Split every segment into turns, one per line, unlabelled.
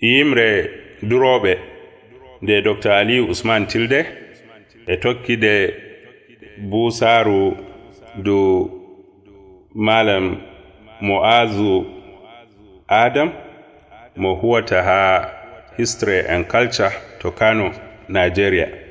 yimre duroɓe nde docteur aliyu usman tilde e tokkide busaru du malam moazu adam mo huwata ha history and culture to kano nigeria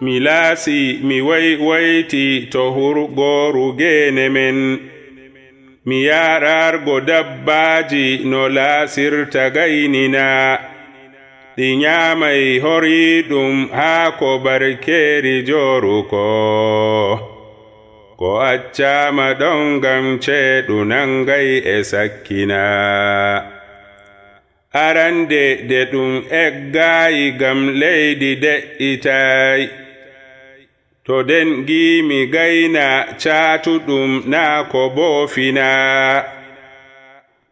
mi laasi mi waywayti to hurgooru geene men mi yaɗaargo dabbaaji no laasirta gayninaa ɗi nyaamay horiiɗum haa ko barkeeri jooruko ko accaama ɗon ngam ceeɗu nangay e sakkinaa arande de ɗum eggaayi ngam leydi de'itaay to den gimi gaina catuɗum na ko bofina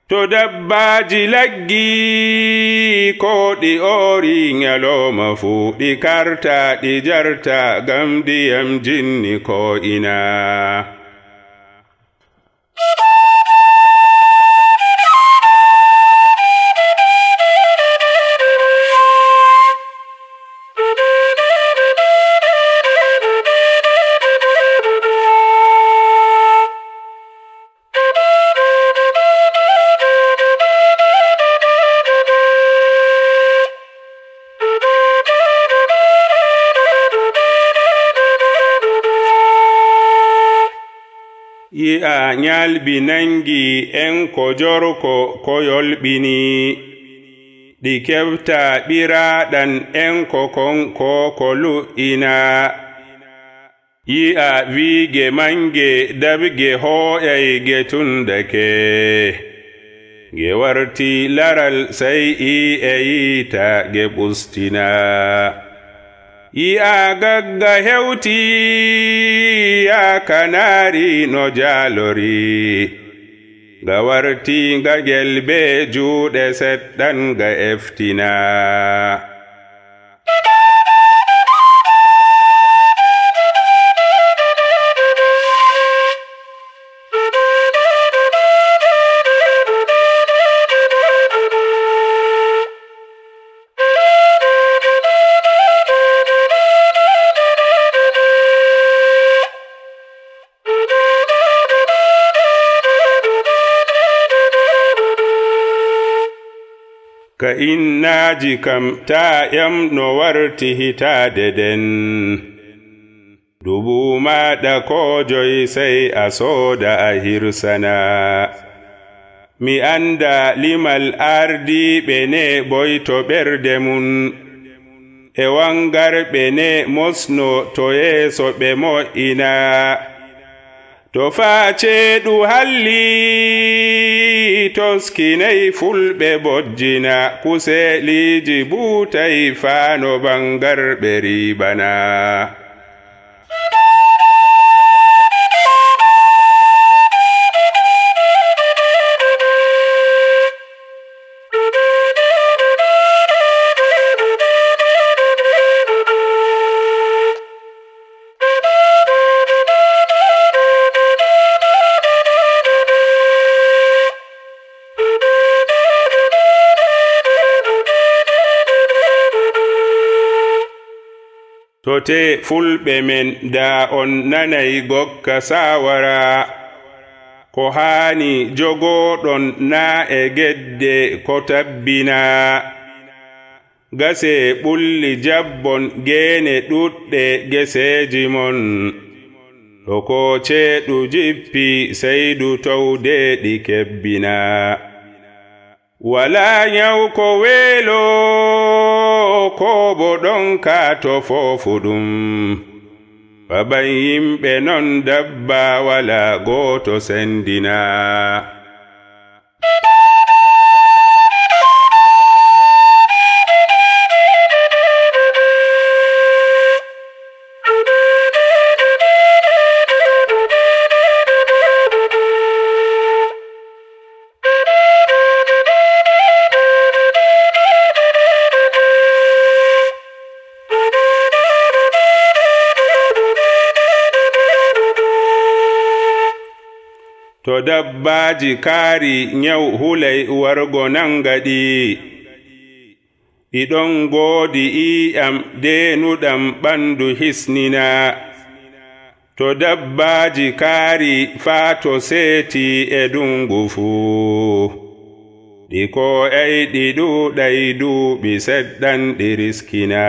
to dabbaji laggi ko ɗi ori nyaloma fu ɗi karta ɗi jarta gam ndiyam jinni ko ina a nyalbi nangi en ko jorko ko yolbini ɗi kebta ɓiraɗan en ko kon ko ko lu'ina yi a wiige mange dabge hooƴay ge tundake ge warti laral sai i e yiita ge ɓustinaa yi'a gagga hewti ya kanari no jaalori nga warti nga gel be juuɗe seɗɗan nga eftina ka innaji kam ta yam no warti hitade den dubu maɗa kojoyi sey a soda a hirsana mi anda limal ardiɓe ne boyto ɓerde mun e wangarɓe ne mosno to yeeso ɓe mo'ina to faceɗu halli toskinayi fulɓe bojjina kuseliji butayi fano bangarɓe ribana yewte fulɓe men daa on nanay gokka saawara ko haani jogooɗon naa e geɗde ko tabbinaa gase ɓulli jabbon geene ɗuɗɗe geseeji mon to ko ceeɗu jippi seydu towde ɗi kebbinaa wala nyawu ko welo ko bo ɗon kato fofuɗum baban yimɓe non dabba wala goto sendina to dabbaji kaari nyaw hulay wargo nangaɗi iɗon ngoodi ii'am deenuɗam ɓandu hisnina to dabbaji kaari faa to seeti e dungu fuu ɗi ko eyɗi ɗuuɗay duuɓi seɗɗan ɗi riskina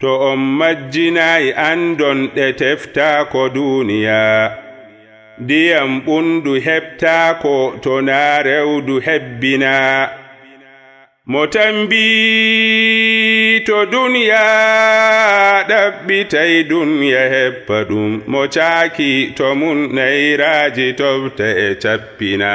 to on majjinayi andon ɗe teftaako duuniya ndiyam ɓundu heɓtaako to naa rewdu hebbina mo tambi to duniya ɗaɓɓitay duniya heɓpa ɗum mo caaki to mum nayraaji toɓta e cappina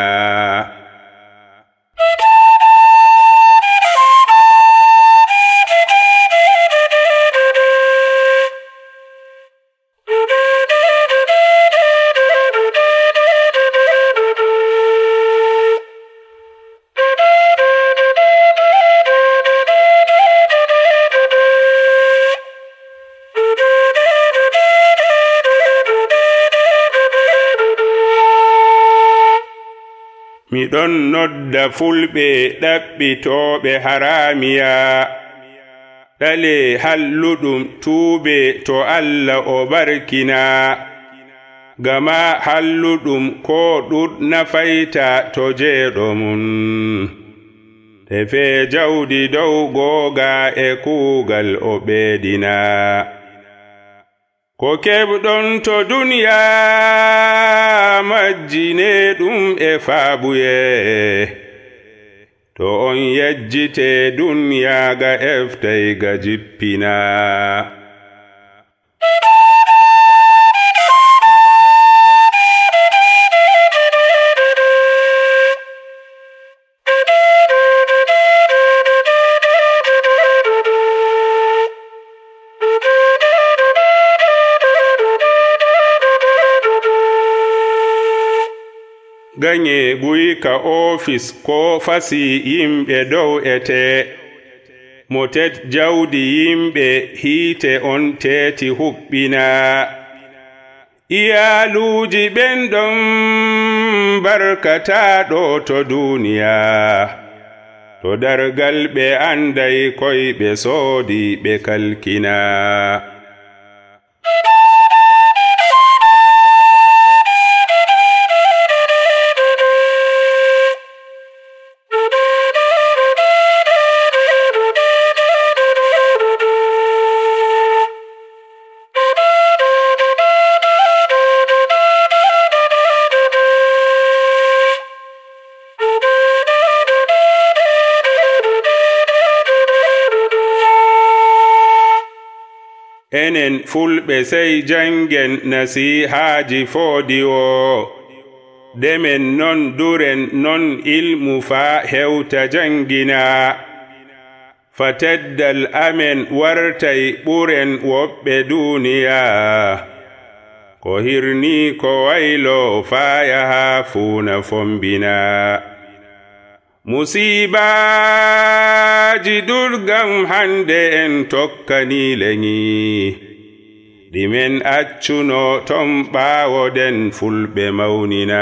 miɗon nodda fulɓe ɗaɓɓitooɓe haramiya ɗale halluɗum tuuɓe to allah o barkina gama halluɗum ko ɗuɗnafayta to jeeɗo mum tefe jawdi dow googa e kuugal o ɓeeɗina ko keɓɗon to duniyaa majjine ɗum e faabuye to on yejjite dunyaga eftayga jippinaa ganye guika ka ofis ko fasi yimɓe dow ete mo tet jawdi yimɓe hiite on teeti huɓɓina iyaluuji ɓen ɗon ɗo to duuniya to dargal ɓe anday koy ɓe soodi ɓe kalkina enen fulɓe sey janngen nasihaaji foodi o demen non duren non ilmu faa hewta janngina fateddal amen wartay ɓuren woɓɓe duuniya ko hirnii ko waylo faa yaha fuuna fombina musibaji ɗurgam hande en tokkani lenyi ɗimen accuno ton ɓawoɗen fulɓe mawnina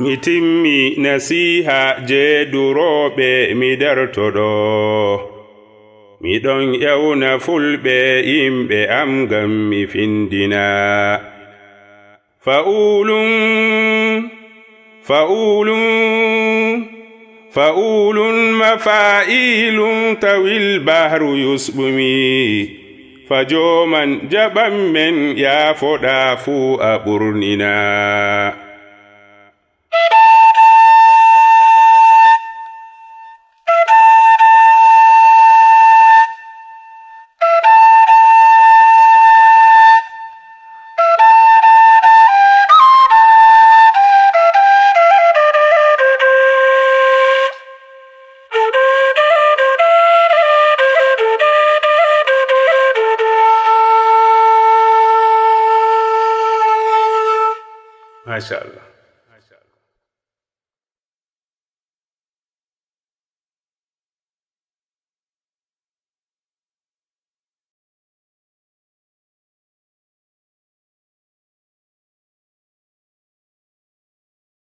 mi timmi nasiha je duroɓe mi dartoɗo miɗon ƴawna fulɓe yimɓe am gam mi findina fa'ulun fa'ulun fa'ulun mafa'ilun tawil bahru yusɓumi fajoman jaɓan men yafoɗa fuu a ɓurnina Maşallah.